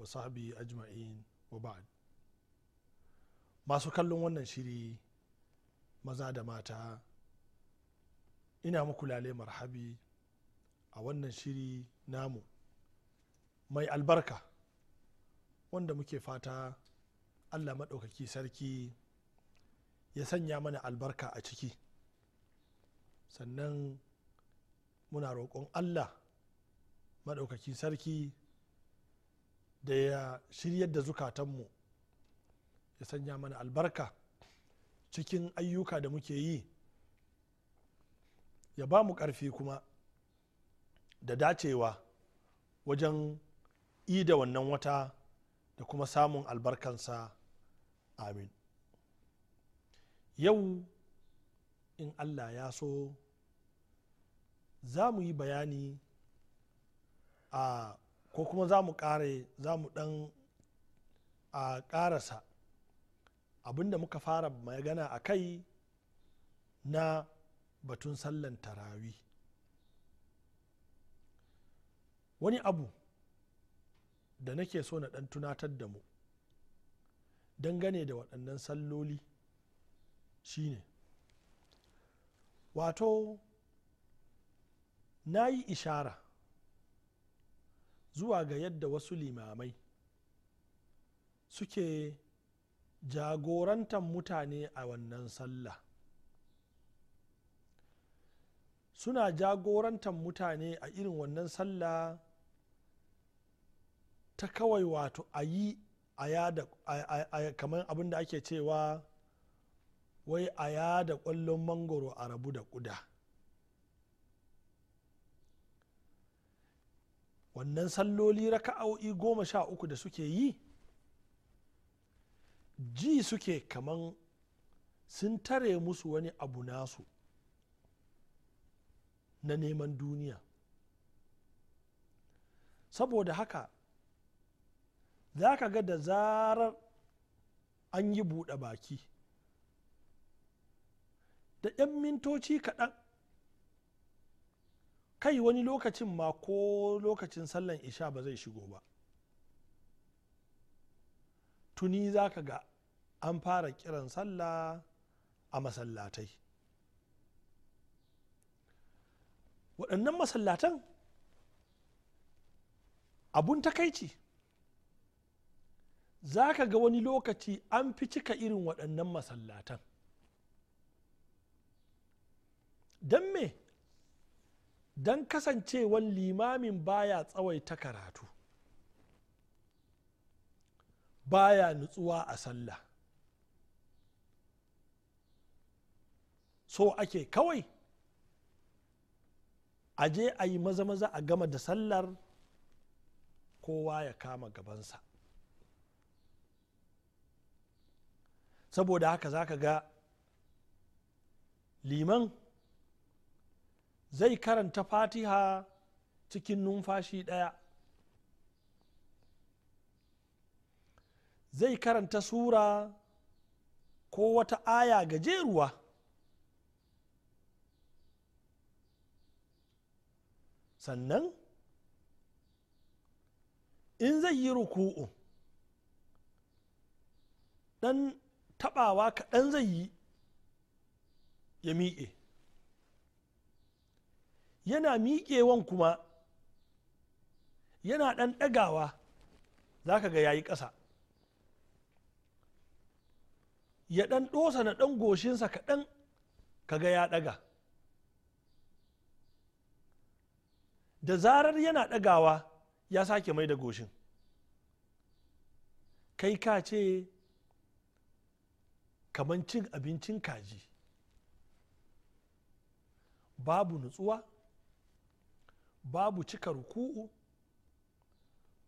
wa sahabi ajma'in wa ba'ad masu kallon wannan shiri maza da mata ina muku lale marhabi a wannan shiri namu mai albarka wanda muke fata allah maɗaukaki sarki ya sanya mana albarka a ciki sannan muna roƙon allah maɗaukaki sarki da ya shiryar da zukatanmu ya sanya mana albarka cikin ayyuka da muke yi ya ba mu ƙarfi kuma da dacewa wajen yi da wannan wata da kuma samun albarkansa amin yau in allah ya so za mu yi bayani a ko kuma za mu kare za mu dan a karasa abinda muka fara magana a kai na batun sallan tarawi wani abu da nake so na ɗan tunatar da mu dangane da waɗannan salloli shine wato na yi ishara zuwa ga yadda wasu limamai suke jagorantar mutane a wannan sallah suna jagorantar mutane a irin wannan sallah ta kawai wato a yi kamar abin da ake cewa wai a yada kwallon mangoro a rabu da kuda wannan salloli raka'o'i goma sha uku da suke yi ji suke kaman sun tare musu wani abu nasu na neman duniya saboda haka za ka ga da zarar an yi buɗe baki da 'yan mintoci kaɗan kai wani lokacin ma ko lokacin sallan isha ba zai shigo ba tuni za ka ga an fara kiran sallah a masallatai waɗannan masallatan abun takaici za ka ga wani lokaci an fi cika irin waɗannan masallatan don me don kasancewan limamin baya tsawaita karatu baya nutsuwa a sallah so ake kawai a je a yi maza-maza a gama da sallar kowa ya kama gabansa saboda haka za ka ga liman zai karanta fatiha cikin numfashi ɗaya zai karanta sura ko wata aya gajeruwa sannan in zai yi ruku'u ɗan taɓawa kaɗan zai yi ya miƙe yana miƙewan kuma yana ɗan ɗagawa za ka ga yayi ƙasa ya ɗan ɗosa na ɗan goshinsa kaɗan ka ga ya ɗaga da zarar yana ɗagawa ya sake mai da goshin kai ka ce kamar cin abincin kaji babu nutsuwa babu cika ruku'u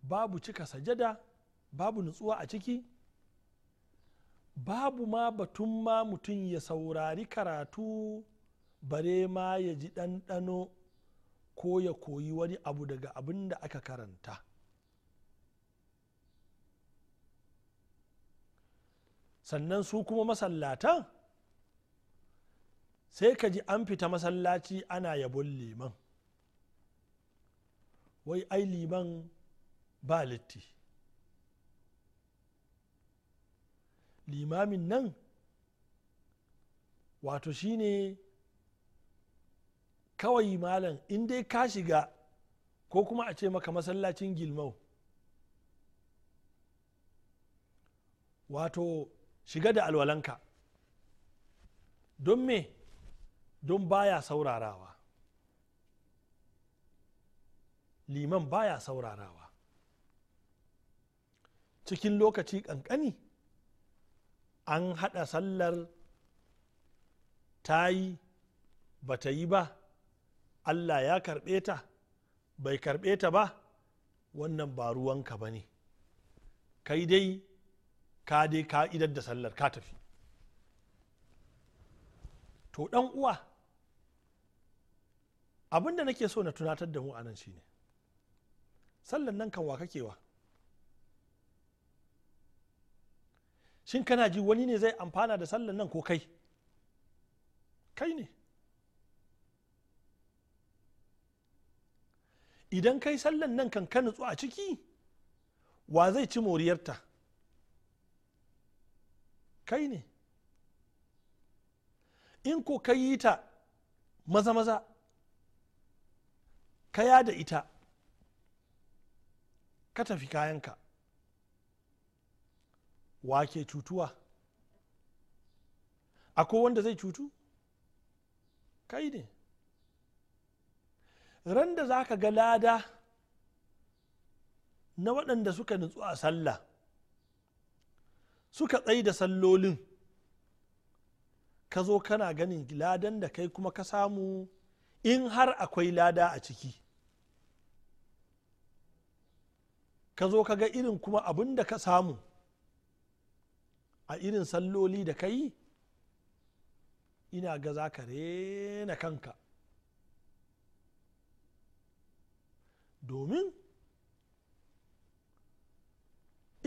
babu cika sajada babu nutsuwa a ciki babu ma batun ma mutum ya saurari karatu bare ma ya ji ɗanɗano ko ya koyi wani abu daga abin da aka karanta sannan su kuma masallatan sai ka ji an fita masallaci ana yabon liman wai ai liman ba litti limamin nan wato shine kawai malam in dai ka shiga ko kuma a ce maka masallacin gilmau wato shiga da alwalanka don me don baya saurarawa liman baya saurarawa cikin lokaci kankani, an haɗa sallar ta yi ba ta yi ba allah ya karɓe ta bai karɓe ta ba wannan ba ruwanka ba ne kai dai ka dai ka idar da sallar ka tafi to ɗan uwa abin da nake so na tunatar da mu anan shine sallan nan kan wa kake wa shin kana ji wani ne zai amfana da sallan nan ko kai kai ne idan kai sallan nan kan ka nutsu a ciki wa zai ci moriyarta kai ne in ko kai yi ta maza-maza ka yada ita ka tafi kayanka wa wake cutuwa akwai wanda zai cutu kai ne ran da za ka ga lada na waɗanda suka nutsu a sallah suka tsai da sallolin ka zo kana ganin ladan da kai kuma ka samu in har akwai lada a ciki ka zo ka ga irin kuma abin da ka samu a irin salloli da ka yi ina ga za ka rena kanka domin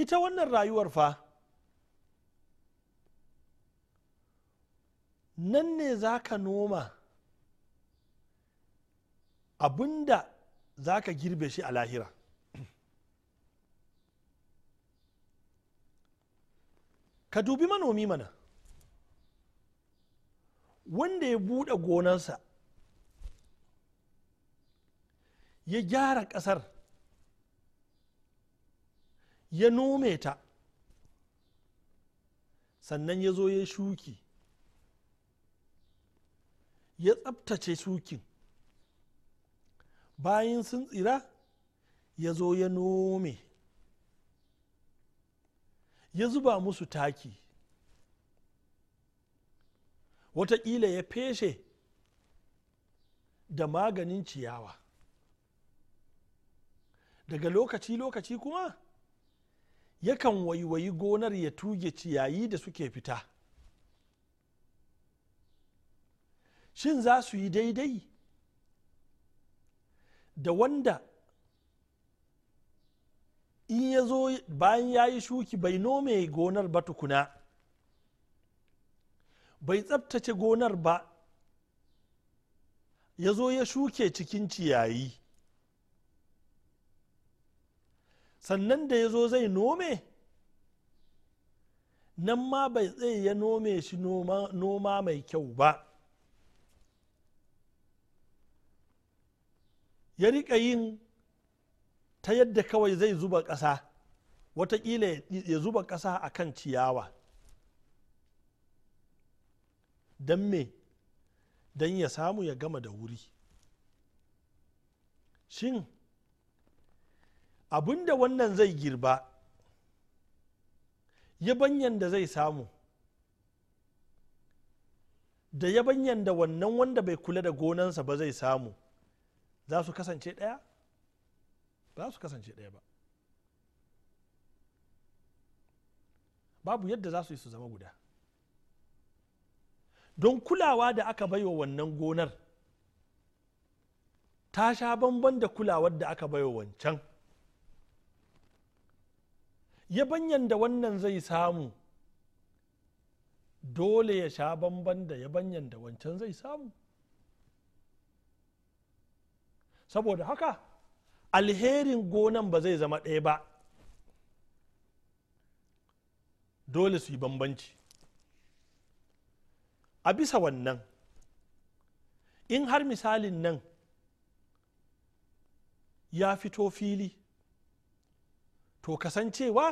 ita wannan rayuwar fa nan ne za ka noma abinda za ka girbe shi a lahira ka dubi manomi mana wanda ya buɗe gonarsa ya gyara ƙasar ya nome ta sannan ya zo ya shuki ya tsabtace shukin bayan sun tsira ya zo ya nome ya zuba musu taki watakila ya feshe da maganin ciyawa daga lokaci-lokaci kuma yakan waiwayi gonar ya tuge ciyayi da suke fita shin za su yi daidai da wanda in ya zo bayan ya yi shuki bai nome gonar ba tukuna bai tsabtace gonar ba ya zo ya shuke cikin ciyayi sannan da ya zo zai nome nan ma bai tsaye ya nome shi noma mai kyau ba ya riƙa yin ta yadda kawai zai zuba ƙasa watakila ya zuba ƙasa a kan ciyawa don me don ya samu ya gama da wuri shin abinda wannan zai girba yabanyan da zai samu da yabanyan da wannan wanda bai kula da gonansa ba zai samu za su kasance ɗaya ba su kasance ɗaya ba babu yadda za su yi su zama guda don kulawa da aka baiwa wannan gonar ta sha bamban da kulawar da aka baiwa wancan ya yabanyan da wannan zai samu dole ya sha bamban da ya banyan da wancan zai samu saboda haka alherin gonan ba zai zama ɗaya ba dole su yi bambanci a bisa wannan in har misalin nan ya fito fili to kasancewa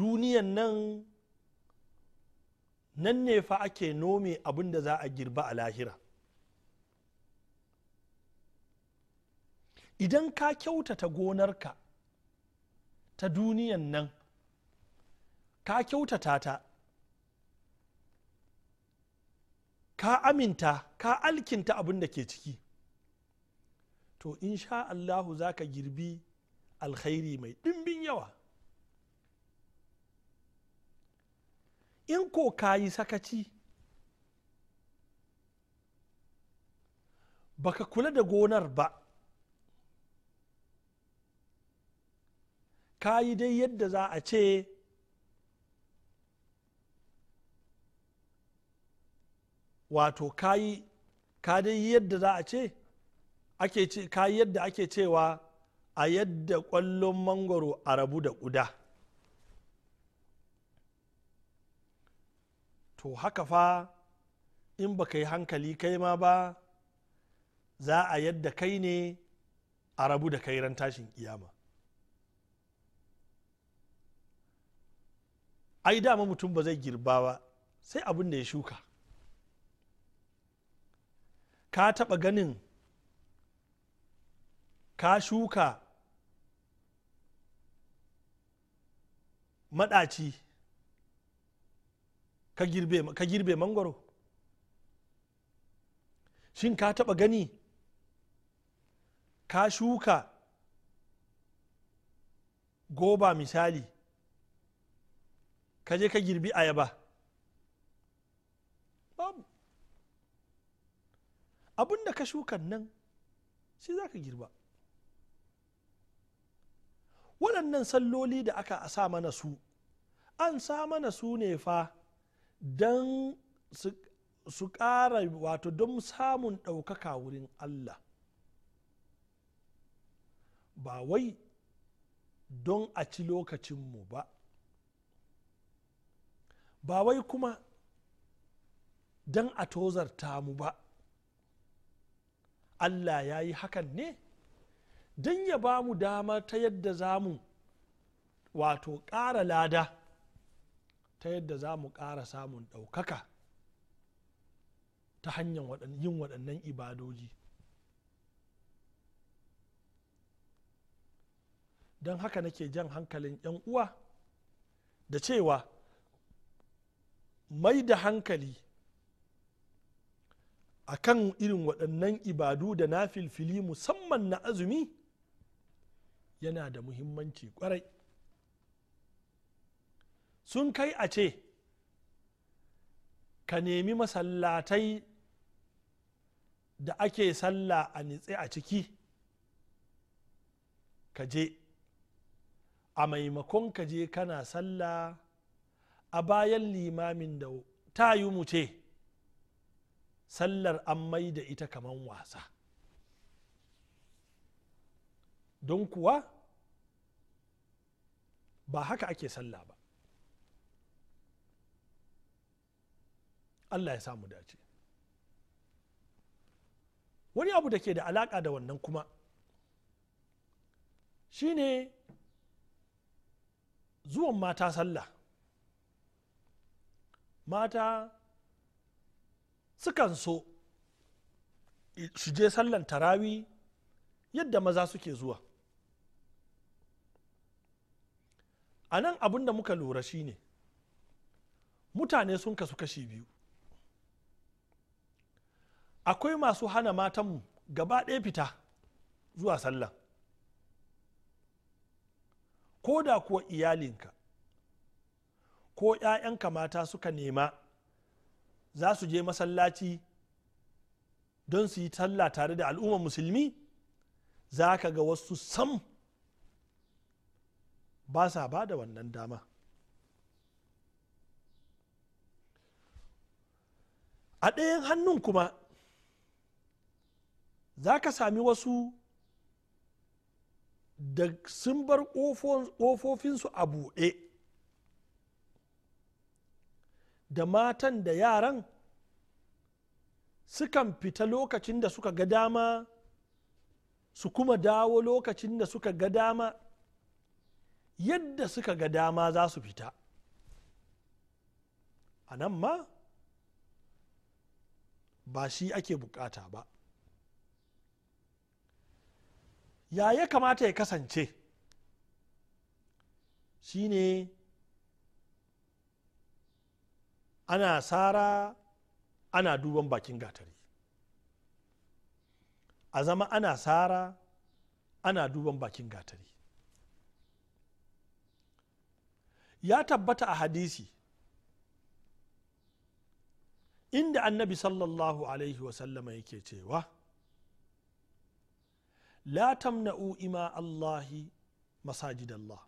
duniyan nan nan ne fa ake nome abin da za a girba a lahira idan ka kyautata gonarka ta duniyan nan ka kyautata ta ka aminta ka alkinta abin da ke ciki to insha allahu za ka girbi alkhairi mai ɗimbin yawa in ko ka yi sakaci baka kula da gonar ba ka yi dai yadda za a ce wato ka yi ka dai yadda za a ce ake ce ka yi yadda ake cewa a yadda kwallon mangoro a rabu da ƙuda to haka fa in ba ka yi hankali kai ma ba za a yadda kai ne a rabu da kairan tashin kiyama ai dama mutum ba zai girba ba sai abin da ya shuka ka taɓa ganin ka shuka maɗaci ka girbe mangoro shin ka taɓa gani ka shuka goba misali ka je ka girbi ayaba babu abin da ka shuka nan shi za ka girba waɗannan salloli da aka sa mana su an sa mana su ne fa don su ƙara wato don samun ɗaukaka wurin allah ba wai don a ci lokacinmu ba ba wai kuma don a tozarta mu ba allah ya yi hakan ne don ya ba mu dama ta yadda za mu wato ƙara lada ta yadda za mu ƙara samun ɗaukaka ta hanyar yin waɗannan ibadoji don haka nake jan hankalin 'yan uwa da cewa mai da hankali a kan irin waɗannan ibadu da na filfili musamman na azumi yana da muhimmanci kwarai sun kai a ce ka nemi masallatai da ake sallah a nitse a ciki ka je a maimakon ka je kana sallah a bayan limamin da ta yi mu ce sallar an mai da ita kaman wasa don kuwa ba haka ake sallah ba allah ya samu dace wani abu da ke da alaƙa da wannan kuma shine zuwan mata sallah mata sukan so su je sallan tarawi yadda maza suke zuwa a nan abin da muka lura shi ne, mutane sun kasu kashi biyu akwai masu hana matanmu gaba ɗaya fita zuwa sallah ko da kuwa iyalinka ko 'ya'yanka mata suka nema za su je masallaci don su yi talla tare da al'ummar musulmi za ka ga wasu sam ba sa ba da wannan dama a ɗayan hannun kuma za ka sami wasu da sun bar ƙofofinsu a buɗe da matan da yaran sukan fita lokacin da suka ga dama su kuma dawo lokacin da suka ga dama yadda suka ga dama za su fita a nan ma ba shi ake bukata ba ya ya kamata ya kasance shine ana sara ana duban bakin gatari a zama ana sara ana duban bakin gatari ya tabbata a hadisi inda annabi sallallahu alaihi wasallama yake cewa la tamna'u ima allahi masajidallah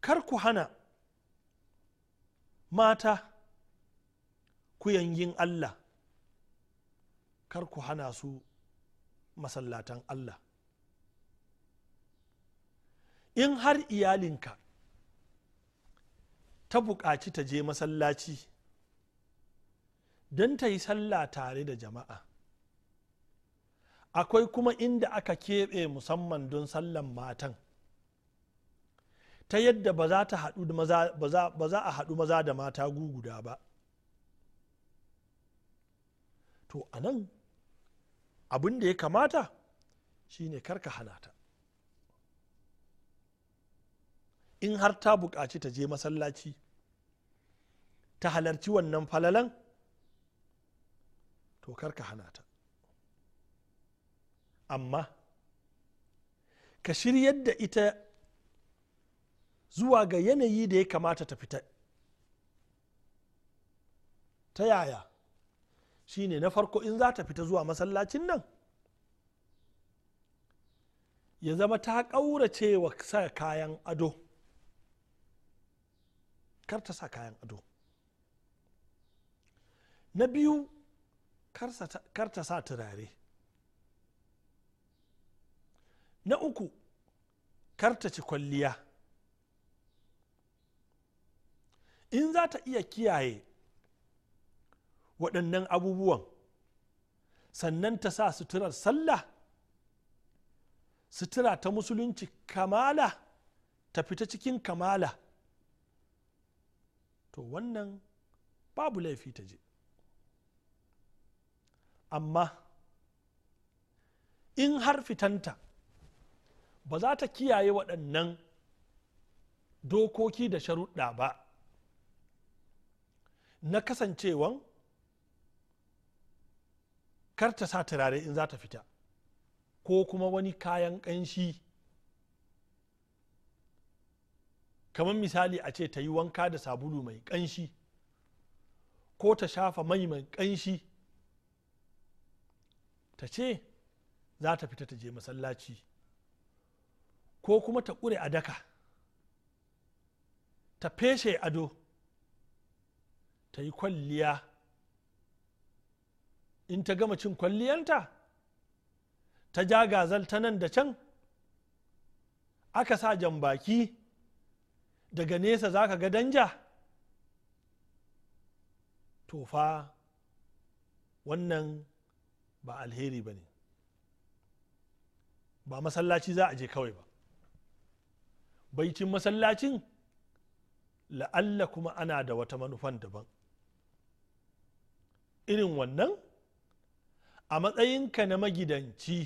kar ku hana mata ku yanyin allah kar ku hana su masallatan allah in har iyalinka ta buƙaci ta je masallaci don ta yi sallah tare da jama'a akwai kuma inda aka keɓe musamman don sallan matan ta yadda ba za a haɗu maza da mata guguda ba to a nan abin da ya kamata shine karka hana ta in har ta buƙaci ta je masallaci ta halarci wannan falalan to karka hana ta amma ka shiryar da ita zuwa ga yanayi da ya kamata ta fita ta yaya shi ne na farko in za ta fita zuwa masallacin nan ya zama ta ƙaurace wa sa kayan ado kar ta sa kayan ado na biyu kar ta sa turare na uku kar ta ci kwalliya in za ta iya kiyaye waɗannan abubuwan sannan ta sa suturar sallah sutura ta musulunci kamala ta fita cikin kamala to wannan babu laifi ta je amma in har fitanta ba za ta kiyaye waɗannan dokoki da sharuɗa ba na kasancewan kar ta sa turare in za ta fita ko kuma wani kayan ƙanshi kamar misali a ce ta yi wanka da sabulu mai ƙanshi ko ta shafa mai mai ƙanshi ta ce za ta fita ta je masallaci ko kuma ta ƙure a daka ta feshe ado ta yi kwalliya in ta gama cin kwalliyanta ta ja gazal ta nan da can aka sa jan baki daga nesa za ka ga danja to fa wannan ba alheri ba ne ba masallaci za a je kawai ba baicin masallacin la'alla kuma ana da wata manufan daban irin wannan a matsayinka na magidanci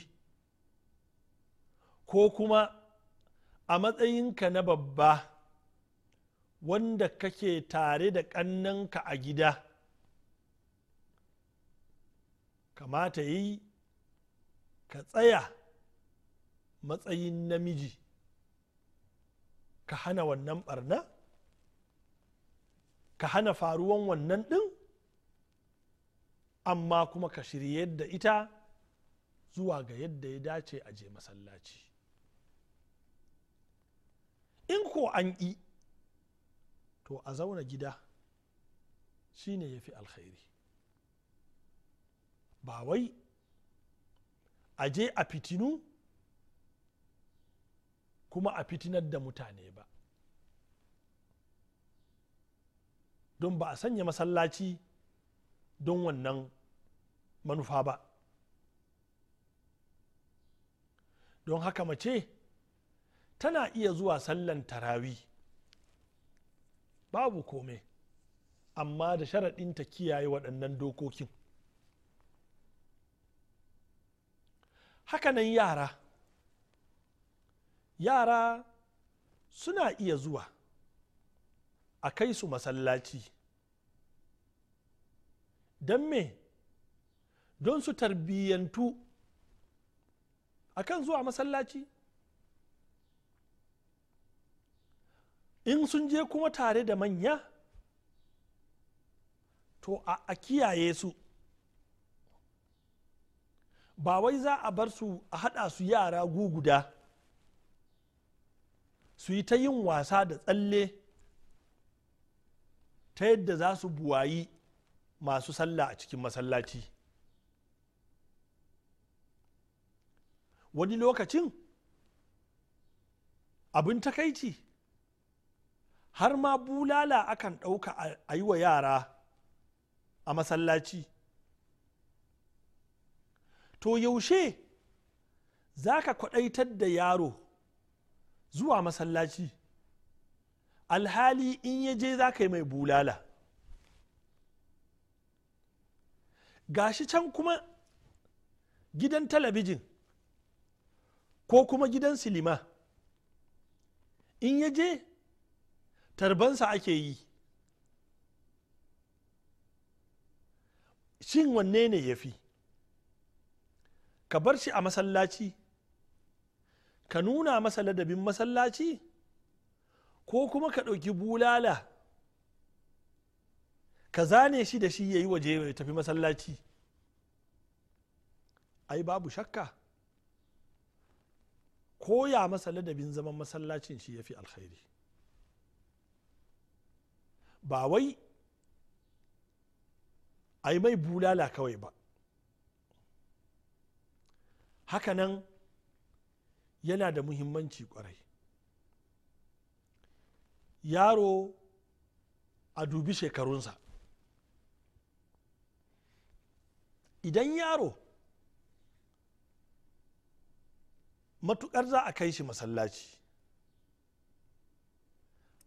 ko kuma a matsayinka na babba wanda kake tare da ƙannanka a gida kamata yi ka tsaya matsayin namiji ka hana wannan barna ka hana faruwan wannan ɗin amma kuma ka shirye yadda ita zuwa ga yadda ya dace a je masallaci in ko an yi to a zauna gida shine ya fi alkhairi ba wai a je a fitinu kuma a fitinar da mutane ba don ba a sanya masallaci don wannan manufa ba don haka mace tana iya zuwa sallan tarawi babu kome amma da sharaɗin ta kiyaye waɗannan dokokin hakanan yara yara suna iya zuwa a kai su masallaci don me don su tarbiyyantu akan zuwa masallaci in sun je kuma tare da manya to a kiyaye su ba wai za a bar su a haɗa su yara guguda su yi ta yin wasa da tsalle ta yadda za su buwayi masu sallah a cikin masallaci wani lokacin abin takaici har ma bulala akan ɗauka a yi wa yara a masallaci to yaushe za ka kwaɗaitar da yaro zuwa masallaci alhali in ya je za ka yi mai bulala gashi can kuma gidan talabijin ko kuma gidan silima in ya je tarbansa ake yi shin wanne ne ya fi ka bar shi a masallaci ka nuna masa ladabin masallaci ko kuma ka ɗauki bulala ka zane shi da shi ya yi waje ya tafi masallaci ai babu shakka koya masa ladabin zaman masallacin shi ya fi alkhairi ba wai a mai bulala kawai ba hakanan yana da muhimmanci kwarai yaro a dubi shekarunsa idan yaro matukar za a kai shi masallaci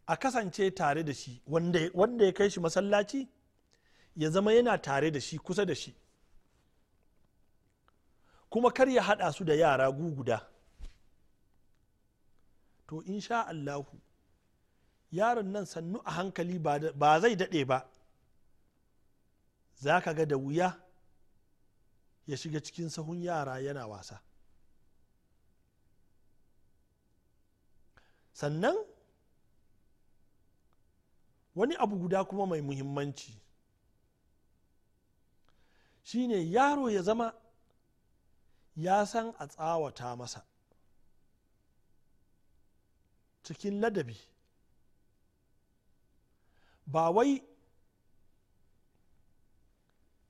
a kasance tare da shi wanda ya kai shi masallaci ya zama yana tare da shi kusa da shi kuma kar ya haɗa su da yara guguda to in sha allahu yaron nan sannu a hankali ba zai daɗe ba za ka ga da wuya ya shiga cikin sahun yara yana wasa sannan wani abu guda kuma mai muhimmanci shine yaro ya zama ya san a tsawata masa cikin ladabi ba wai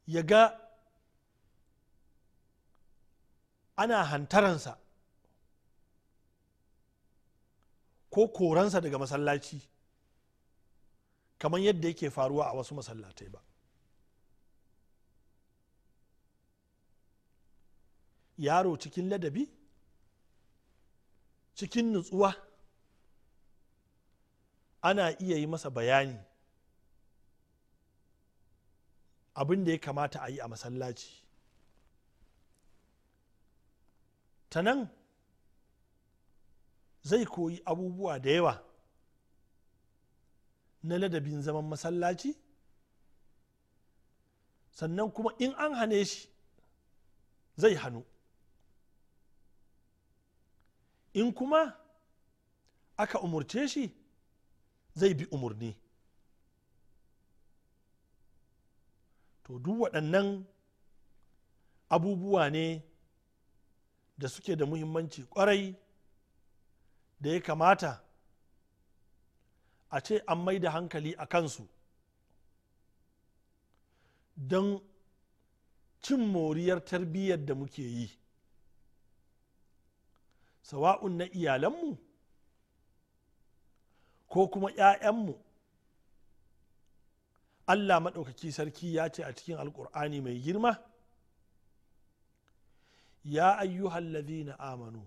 ya ga ana hantaransa ko koransa daga masallaci kamar yadda yake faruwa a wasu masallatai ba yaro cikin ladabi cikin nutsuwa ana iya yi masa bayani abin da ya kamata a yi a masallaci ta nan zai koyi abubuwa da yawa na ladabin zaman masallaci sannan kuma in an hane shi zai hannu in kuma aka umurce shi zai bi umurni to duk waɗannan abubuwa ne da suke da muhimmanci kwarai da ya kamata a ce an mai da hankali a kansu don cin moriyar tarbiyyar da muke yi sawa'un na iyalanmu ko kuma 'ya'yanmu allah maɗaukaki sarki ya ce a cikin alkur'ani mai girma ya na amanu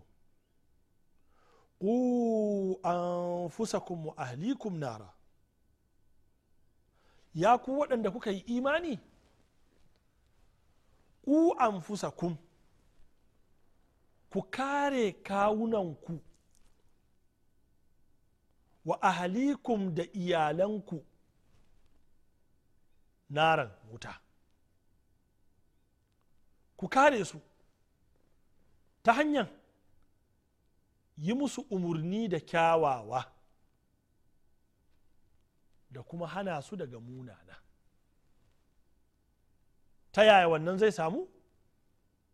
ku anfusakum wa ahlikum nara ya ku waɗanda kuka yi imani ku anfusakum ku kare kawunanku wa ahalikum da iyalanku naran wuta ku kare su ta hanyar yi musu umarni da kyawawa da kuma hana su daga munana ta yaya wannan zai samu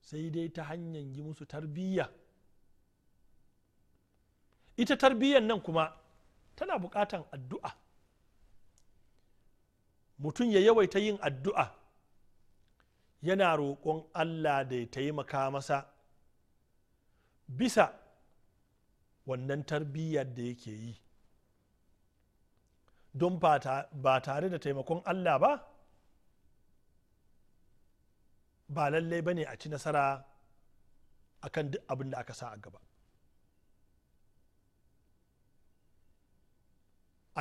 sai dai ta hanyar yi musu tarbiyya ita tarbiyyan nan kuma tana bukatan addu'a mutum ya yawaita yin addu'a yana roƙon allah da ya taimaka masa bisa wannan tarbiyyar da yake yi don ba tare da taimakon allah ba ba lallai ba ne a ci nasara a kan duk abin da aka sa a gaba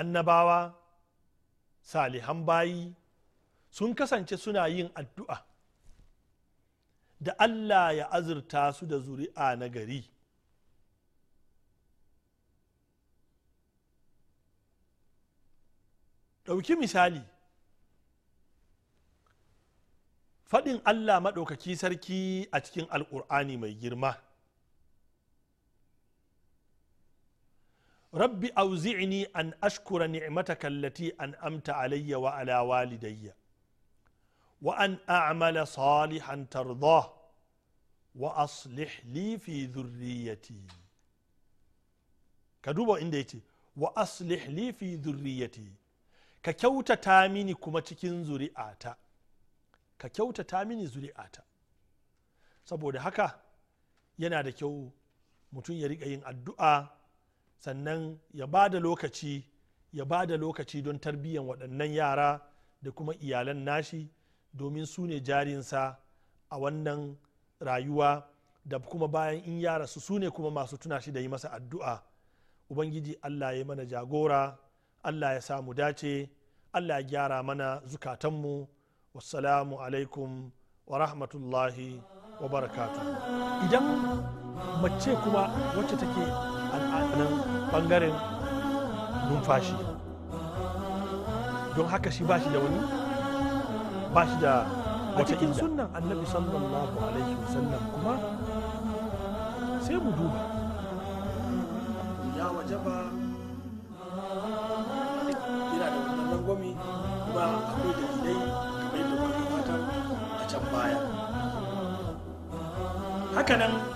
annabawa salihan bayi sun kasance suna yin addu'a da allah ya azurta su da zuri'a na gari ɗauki misali faɗin allah maɗaukaki sarki a cikin alƙur'ani mai girma rabbi auzi'ni an ashkura ni'mataka allati an amta alayya wa ala walidayya wa an a'mala salihan tardah wa aslih li fi dhurriyyati ka duba inda yace wa aslih li fi dhurriyyati ka kyautata mini kuma cikin zuri'ata ka kyautata mini zuri'ata saboda haka yana da kyau mutum ya riƙa yin addu'a sannan ya ba da lokaci ya ba da lokaci don tarbiyyan waɗannan yara da kuma iyalan nashi domin su ne jarinsa a wannan rayuwa da kuma bayan in yara su su ne kuma masu tuna shi da yi masa addu'a ubangiji allah ya mana jagora allah ya samu dace allah ya gyara mana zukatanmu wassalamu alaikum wa rahmatullahi wa barakatu idan mace kuma wacce take al'adunan bangaren numfashi don haka shi bashi da wani bashi da a cikin sunan annabi sallallahu alaihi wasallam kuma sai mu duba ya wajaba kanam